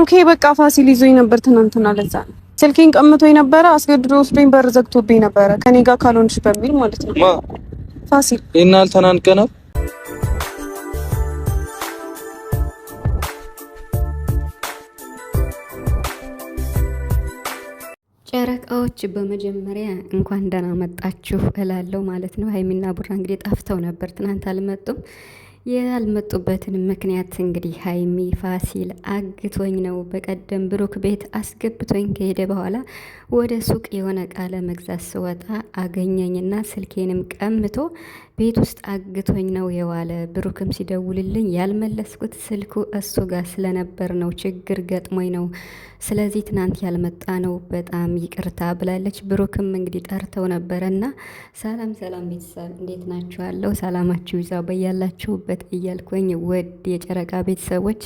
ብሩኬ በቃ ፋሲል ይዞኝ ነበር ትናንትና። ለዛ ነው ስልኬን ቀምቶ ነበረ አስገድዶ ወስዶኝ በር ዘግቶብኝ ነበረ ከኔ ጋር ካልሆንሽ በሚል ማለት ነው። ፋሲል ይናል ተናንቀናል። ጨረቃዎች በመጀመሪያ እንኳን ደህና መጣችሁ እላለሁ ማለት ነው። ሀይሚና ቡራ እንግዲህ ጠፍተው ነበር፣ ትናንት አልመጡም። ያልመጡበትን ምክንያት እንግዲህ ሀይሚ ፋሲል አግቶኝ ነው። በቀደም ብሩክ ቤት አስገብቶኝ ከሄደ በኋላ ወደ ሱቅ የሆነ ቃለ መግዛት ስወጣ አገኘኝና ስልኬንም ቀምቶ ቤት ውስጥ አግቶኝ ነው የዋለ። ብሩክም ሲደውልልኝ ያልመለስኩት ስልኩ እሱ ጋር ስለነበር ነው። ችግር ገጥሞኝ ነው። ስለዚህ ትናንት ያልመጣ ነው። በጣም ይቅርታ ብላለች። ብሩክም እንግዲህ ጠርተው ነበረ እና ሰላም ሰላም ቤተሰብ እንዴት ናችኋለሁ? ሰላማችሁ ይዛው በያላችሁበት እያልኩኝ ወድ የጨረቃ ቤተሰቦች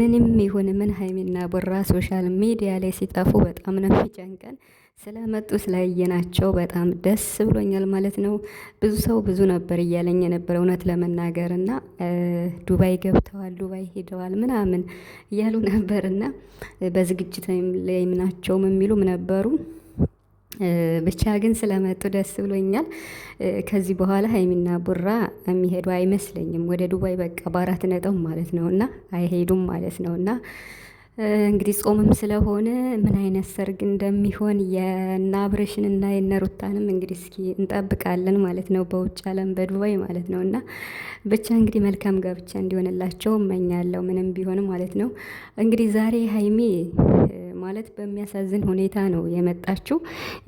ምንም ይሁን ምን ሀይሚና ቦራ ሶሻል ሚዲያ ላይ ሲጠፉ በጣም ነው የሚጨንቀን። ስለመጡ ስላየናቸው በጣም ደስ ብሎኛል ማለት ነው። ብዙ ሰው ብዙ ነበር እያለኝ የነበረ እውነት ለመናገር እና ዱባይ ገብተዋል፣ ዱባይ ሄደዋል ምናምን እያሉ ነበር እና በዝግጅት ላይም ናቸውም የሚሉም ነበሩ። ብቻ ግን ስለመጡ ደስ ብሎኛል። ከዚህ በኋላ ሀይሚና ቡራ የሚሄዱ አይመስለኝም ወደ ዱባይ በቃ በአራት ነጥብ ማለት ነው እና አይሄዱም ማለት ነው እና እንግዲህ ጾምም ስለሆነ ምን አይነት ሰርግ እንደሚሆን የናብረሽን እና የነሩታንም እንግዲህ እስኪ እንጠብቃለን ማለት ነው፣ በውጭ ዓለም በዱባይ ማለት ነው። እና ብቻ እንግዲህ መልካም ጋብቻ እንዲሆንላቸው እመኛለሁ፣ ምንም ቢሆን ማለት ነው። እንግዲህ ዛሬ ሀይሚ ማለት በሚያሳዝን ሁኔታ ነው የመጣችው።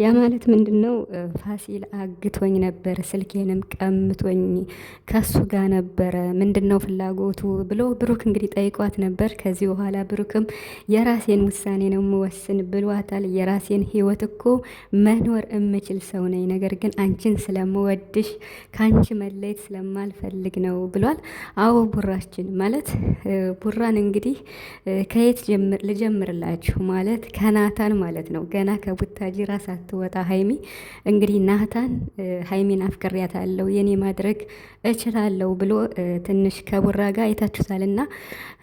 ያ ማለት ምንድን ነው? ፋሲል አግቶኝ ነበር፣ ስልኬንም ቀምቶኝ ከሱ ጋር ነበረ፣ ምንድን ነው ፍላጎቱ ብሎ ብሩክ እንግዲህ ጠይቋት ነበር። ከዚህ በኋላ ብሩክም የራሴን ውሳኔ ነው የምወስን ብሏታል። የራሴን ህይወት እኮ መኖር እምችል ሰው ነኝ፣ ነገር ግን አንቺን ስለምወድሽ ከአንቺ መለየት ስለማልፈልግ ነው ብሏል። አዎ ቡራችን ማለት ቡራን እንግዲህ ከየት ልጀምርላችሁ ማለት ከናታን ማለት ነው። ገና ከቡታጅራ ሳትወጣ ሀይሚ እንግዲህ ናታን ሀይሚን አፍቅሬያታለሁ የኔ ማድረግ እችላለሁ ብሎ ትንሽ ከቡራ ጋር አይታችሁታል። እና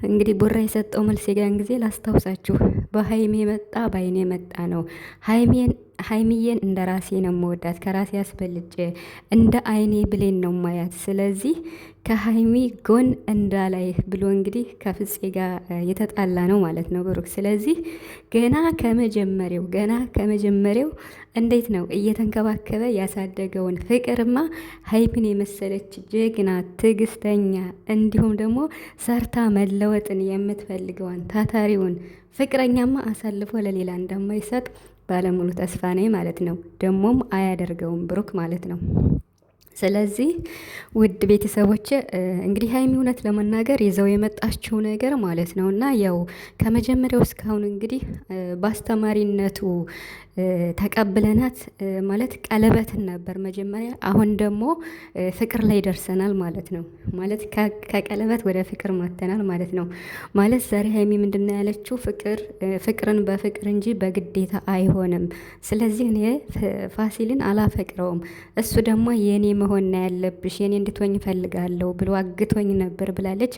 እንግዲህ ቡራ የሰጠው መልስ የጋን ጊዜ ላስታውሳችሁ፣ በሀይሜ መጣ በአይኔ መጣ ነው ሀይሜን ሀይሚዬን እንደ ራሴ ነው መወዳት ከራሴ አስበልጬ እንደ አይኔ ብሌን ነው ማያት። ስለዚህ ከሀይሚ ጎን እንዳላይ ብሎ እንግዲህ ከፍፄ ጋር የተጣላ ነው ማለት ነው ብሩክ። ስለዚህ ገና ከመጀመሪያው ገና ከመጀመሪያው እንዴት ነው እየተንከባከበ ያሳደገውን ፍቅርማ ሀይሚን የመሰለች ጀግና፣ ትዕግስተኛ እንዲሁም ደግሞ ሰርታ መለወጥን የምትፈልገዋን ታታሪውን ፍቅረኛማ አሳልፎ ለሌላ እንደማይሰጥ ባለሙሉ ተስፋ ነኝ ማለት ነው። ደግሞም አያደርገውም ብሩክ ማለት ነው። ስለዚህ ውድ ቤተሰቦች እንግዲህ ሀይሚ እውነት ለመናገር ይዘው የመጣችው ነገር ማለት ነው እና ያው ከመጀመሪያው እስካሁን እንግዲህ በአስተማሪነቱ ተቀብለናት ማለት ቀለበትን ነበር መጀመሪያ። አሁን ደግሞ ፍቅር ላይ ደርሰናል ማለት ነው። ማለት ከቀለበት ወደ ፍቅር መተናል ማለት ነው። ማለት ዛሬ ሀይሚ ምንድን ነው ያለችው? ፍቅር ፍቅርን በፍቅር እንጂ በግዴታ አይሆንም። ስለዚህ እኔ ፋሲልን አላፈቅረውም እሱ ደግሞ የኔ መሆን ነው ያለብሽ፣ የኔ እንድትወኝ እፈልጋለሁ ብሎ አግቶኝ ነበር ብላለች።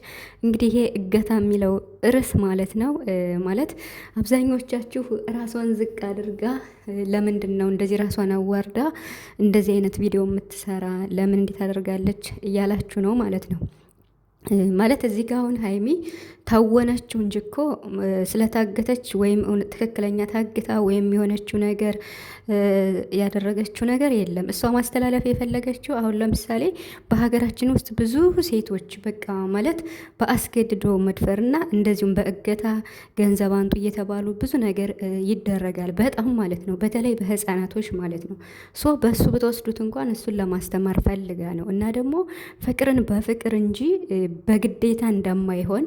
እንግዲህ ይሄ እገታ የሚለው ርዕስ ማለት ነው። ማለት አብዛኞቻችሁ ራሷን ዝቅ አድርጋ ለምንድን ነው እንደዚህ ራሷን አዋርዳ እንደዚህ አይነት ቪዲዮ የምትሰራ ለምን እንዴት አደርጋለች እያላችሁ ነው ማለት ነው። ማለት እዚህ ጋ አሁን ሀይሚ ታወነችው እንጂ እኮ ስለታገተች ወይም ትክክለኛ ታግታ ወይም የሆነችው ነገር ያደረገችው ነገር የለም። እሷ ማስተላለፍ የፈለገችው አሁን ለምሳሌ በሀገራችን ውስጥ ብዙ ሴቶች በቃ ማለት በአስገድዶ መድፈርና እንደዚሁም በእገታ ገንዘብ አንጡ እየተባሉ ብዙ ነገር ይደረጋል። በጣም ማለት ነው፣ በተለይ በህፃናቶች ማለት ነው። ሶ በእሱ ብትወስዱት እንኳን እሱን ለማስተማር ፈልጋ ነው እና ደግሞ ፍቅርን በፍቅር እንጂ በግዴታ እንደማይሆን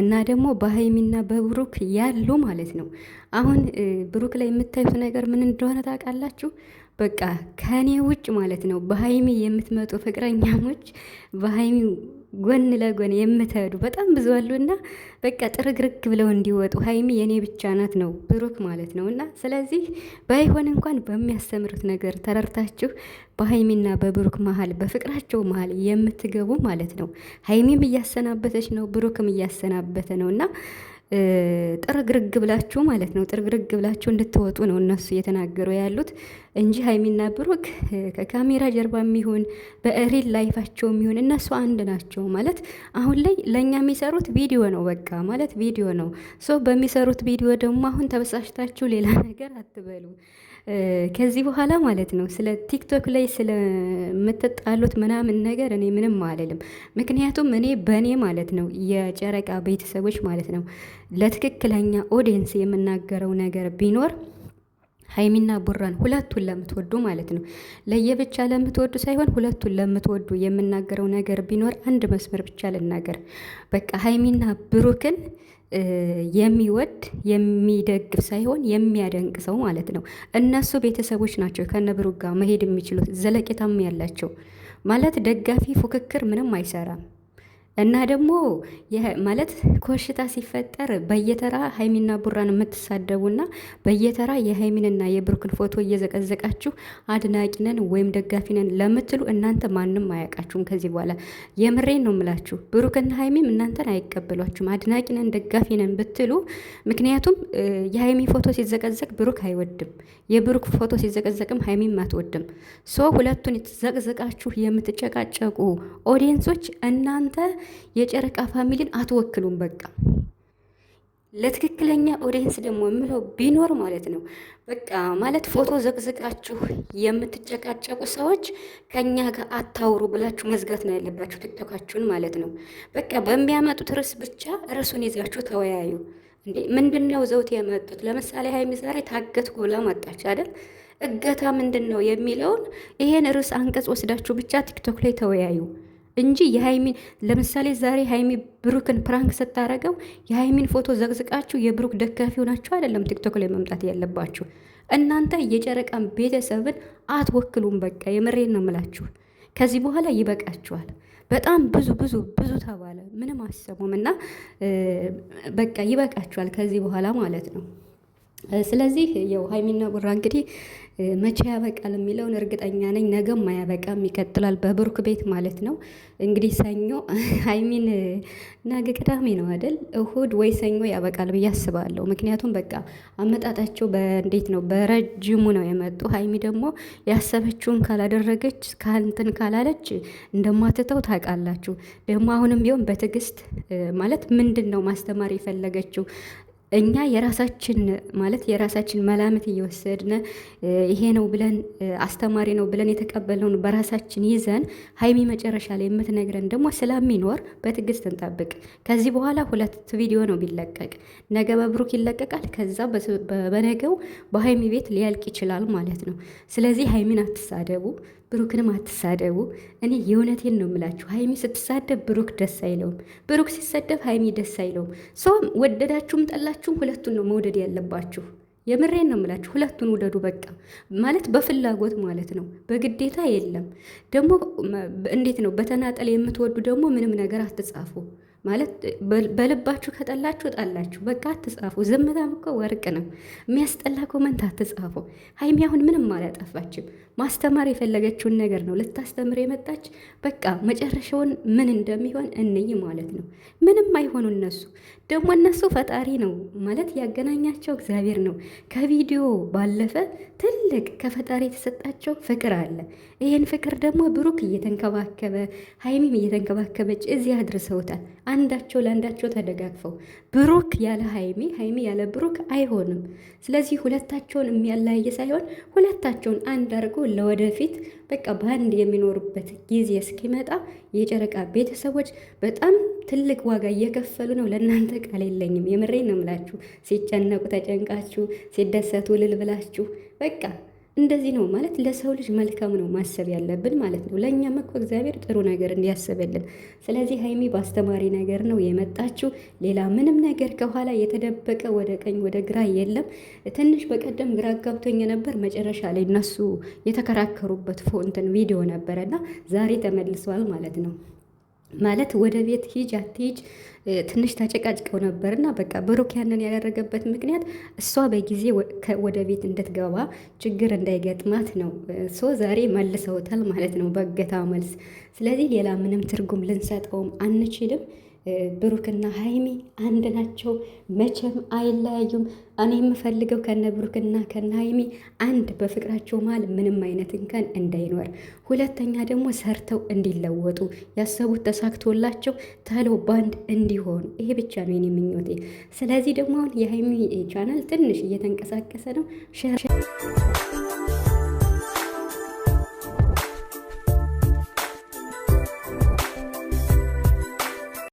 እና ደግሞ በሀይሚና በብሩክ ያሉ ማለት ነው። አሁን ብሩክ ላይ የምታዩት ነገር ምን እንደሆነ ታውቃላችሁ? በቃ ከኔ ውጭ ማለት ነው በሀይሚ የምትመጡ ፍቅረኛሞች በሀይሚ ጎን ለጎን የምትሄዱ በጣም ብዙ አሉና በቃ ጥርግርግ ብለው እንዲወጡ ሀይሚ የኔ ብቻ ናት ነው ብሩክ ማለት ነው። እና ስለዚህ ባይሆን እንኳን በሚያስተምሩት ነገር ተረድታችሁ በሀይሚና በብሩክ መሀል በፍቅራቸው መሀል የምትገቡ ማለት ነው። ሀይሚም እያሰናበተች ነው ብሩክም እያሰናበተ ነው እና ጥርግርግ ብላችሁ ማለት ነው ጥርግርግ ብላችሁ እንድትወጡ ነው እነሱ እየተናገሩ ያሉት እንጂ ሀይሚና ብሩክ ከካሜራ ጀርባ የሚሆን በሪል ላይፋቸው የሚሆን እነሱ አንድ ናቸው ማለት አሁን ላይ ለእኛ የሚሰሩት ቪዲዮ ነው በቃ ማለት ቪዲዮ ነው ሶ በሚሰሩት ቪዲዮ ደግሞ አሁን ተበሳሽታችሁ ሌላ ነገር አትበሉ ከዚህ በኋላ ማለት ነው ስለ ቲክቶክ ላይ ስለምትጣሉት ምናምን ነገር እኔ ምንም አልልም። ምክንያቱም እኔ በእኔ ማለት ነው የጨረቃ ቤተሰቦች ማለት ነው ለትክክለኛ ኦዲየንስ የምናገረው ነገር ቢኖር ሀይሚና ቡራን ሁለቱን ለምትወዱ ማለት ነው ለየብቻ ለምትወዱ ሳይሆን ሁለቱን ለምትወዱ የምናገረው ነገር ቢኖር አንድ መስመር ብቻ ልናገር። በቃ ሀይሚና ብሩክን የሚወድ የሚደግፍ ሳይሆን የሚያደንቅ ሰው ማለት ነው። እነሱ ቤተሰቦች ናቸው ከነብሩ ጋር መሄድ የሚችሉት ዘለቄታም ያላቸው ማለት ደጋፊ ፉክክር ምንም አይሰራም። እና ደግሞ ማለት ኮሽታ ሲፈጠር በየተራ ሀይሚና ቡራን የምትሳደቡና በየተራ የሀይሚንና የብሩክን ፎቶ እየዘቀዘቃችሁ አድናቂነን ወይም ደጋፊነን ለምትሉ እናንተ ማንም አያውቃችሁም። ከዚህ በኋላ የምሬን ነው የምላችሁ። ብሩክና ሀይሚም እናንተን አይቀበሏችሁም። አድናቂነን ደጋፊነን ብትሉ፣ ምክንያቱም የሀይሚ ፎቶ ሲዘቀዘቅ ብሩክ አይወድም፣ የብሩክ ፎቶ ሲዘቀዘቅም ሀይሚም አትወድም። ሶ ሁለቱን ዘቅዘቃችሁ የምትጨቃጨቁ ኦዲየንሶች እናንተ የጨረቃ ፋሚሊን አትወክሉም። በቃ ለትክክለኛ ኦዲየንስ ደግሞ የምለው ቢኖር ማለት ነው በቃ ማለት ፎቶ ዘቅዝቃችሁ የምትጨቃጨቁ ሰዎች ከኛ ጋር አታውሩ ብላችሁ መዝጋት ነው ያለባችሁ ቲክቶካችሁን ማለት ነው። በቃ በሚያመጡት ርዕስ ብቻ ርዕሱን ይዛችሁ ተወያዩ። እንዴ ምንድነው ዘውት የመጡት? ለምሳሌ ሀይሚ ዛሬ ታገት ጎላ መጣች አይደል? እገታ ምንድን ነው የሚለውን ይሄን ርዕስ አንቀጽ ወስዳችሁ ብቻ ቲክቶክ ላይ ተወያዩ። እንጂ የሃይሚን ለምሳሌ ዛሬ ሃይሚ ብሩክን ፕራንክ ስታረገው የሃይሚን ፎቶ ዘቅዝቃችሁ የብሩክ ደጋፊ ሆናችሁ አይደለም ቲክቶክ ላይ መምጣት ያለባችሁ። እናንተ የጨረቃን ቤተሰብን አትወክሉም። በቃ የምሬን ነው ምላችሁ። ከዚህ በኋላ ይበቃችኋል። በጣም ብዙ ብዙ ብዙ ተባለ፣ ምንም አሰሙም እና በቃ ይበቃችኋል ከዚህ በኋላ ማለት ነው። ስለዚህ የው ሃይሚና ቡራ እንግዲህ መቼ ያበቃል የሚለውን እርግጠኛ ነኝ። ነገም አያበቃም፣ ይቀጥላል በብሩክ ቤት ማለት ነው። እንግዲህ ሰኞ አይሚን ነገ ቅዳሜ ነው አይደል? እሁድ ወይ ሰኞ ያበቃል ብዬ አስባለሁ። ምክንያቱም በቃ አመጣጣቸው በእንዴት ነው በረጅሙ ነው የመጡ። ሀይሚ ደግሞ ያሰበችውን ካላደረገች ከእንትን ካላለች እንደማትተው ታውቃላችሁ። ደግሞ አሁንም ቢሆን በትዕግስት ማለት ምንድን ነው ማስተማር የፈለገችው እኛ የራሳችን ማለት የራሳችን መላምት እየወሰድን ይሄ ነው ብለን አስተማሪ ነው ብለን የተቀበልነውን በራሳችን ይዘን ሀይሚ መጨረሻ ላይ የምትነግረን ደግሞ ስለሚኖር በትዕግስት እንጠብቅ። ከዚህ በኋላ ሁለት ቪዲዮ ነው ቢለቀቅ፣ ነገ በብሩክ ይለቀቃል። ከዛ በነገው በሀይሚ ቤት ሊያልቅ ይችላል ማለት ነው። ስለዚህ ሀይሚን አትሳደቡ። ብሩክንም አትሳደቡ። እኔ የእውነቴን ነው የምላችሁ። ሀይሚ ስትሳደብ ብሩክ ደስ አይለውም፣ ብሩክ ሲሰደብ ሀይሚ ደስ አይለውም። ሰውም ወደዳችሁም ጠላችሁም ሁለቱን ነው መውደድ ያለባችሁ። የምሬን ነው የምላችሁ። ሁለቱን ውደዱ በቃ ማለት በፍላጎት ማለት ነው፣ በግዴታ የለም። ደግሞ እንዴት ነው በተናጠል የምትወዱ ደግሞ ምንም ነገር አትጻፉ። ማለት በልባችሁ ከጠላችሁ ጣላችሁ፣ በቃ አትጻፉ። ዝምታም እኮ ወርቅ ነው። የሚያስጠላ ኮመንት አትጻፉ። ሀይሚ አሁን ምንም አላጠፋችም። ማስተማር የፈለገችውን ነገር ነው ልታስተምር የመጣች። በቃ መጨረሻውን ምን እንደሚሆን እንይ ማለት ነው። ምንም አይሆኑ እነሱ ደግሞ እነሱ ፈጣሪ ነው ማለት ያገናኛቸው እግዚአብሔር ነው። ከቪዲዮ ባለፈ ትልቅ ከፈጣሪ የተሰጣቸው ፍቅር አለ። ይህን ፍቅር ደግሞ ብሩክ እየተንከባከበ ሀይሚም እየተንከባከበች እዚህ አድርሰውታል። አንዳቸው ለአንዳቸው ተደጋግፈው ብሩክ ያለ ሀይሚ ሀይሚ ያለ ብሩክ አይሆንም። ስለዚህ ሁለታቸውን የሚያለያየ ሳይሆን ሁለታቸውን አንድ አድርጎ ለወደፊት በቃ በአንድ የሚኖሩበት ጊዜ እስኪመጣ የጨረቃ ቤተሰቦች በጣም ትልቅ ዋጋ እየከፈሉ ነው። ለእናንተ ቃል የለኝም። የምሬ ነው ምላችሁ ሲጨነቁ ተጨንቃችሁ፣ ሲደሰቱ ልል ብላችሁ በቃ እንደዚህ ነው ማለት ለሰው ልጅ መልካም ነው ማሰብ ያለብን ማለት ነው። ለእኛም እኮ እግዚአብሔር ጥሩ ነገር እንዲያስብልን። ስለዚህ ሀይሚ በአስተማሪ ነገር ነው የመጣችው። ሌላ ምንም ነገር ከኋላ የተደበቀ ወደ ቀኝ ወደ ግራ የለም። ትንሽ በቀደም ግራ ጋብቶኝ ነበር። መጨረሻ ላይ እነሱ የተከራከሩበት ፎንትን ቪዲዮ ነበረና ዛሬ ተመልሷል ማለት ነው። ማለት ወደ ቤት ሂጅ አትሂጅ ትንሽ ተጨቃጭቀው ነበር እና በቃ ብሩክ ያንን ያደረገበት ምክንያት እሷ በጊዜ ወደ ቤት እንድትገባ ችግር እንዳይገጥማት ነው። ሶ ዛሬ መልሰውታል ማለት ነው በእገታ መልስ። ስለዚህ ሌላ ምንም ትርጉም ልንሰጠውም አንችልም። ብሩክና ሀይሚ አንድ ናቸው፣ መቼም አይለያዩም። እኔ የምፈልገው ከነ ብሩክና ከነ ሀይሚ አንድ በፍቅራቸው መሀል ምንም አይነት እንከን እንዳይኖር፣ ሁለተኛ ደግሞ ሰርተው እንዲለወጡ ያሰቡት ተሳክቶላቸው ተሎ ባንድ እንዲሆኑ፣ ይሄ ብቻ ነው የኔ ምኞቴ። ስለዚህ ደግሞ አሁን የሀይሚ ቻናል ትንሽ እየተንቀሳቀሰ ነው።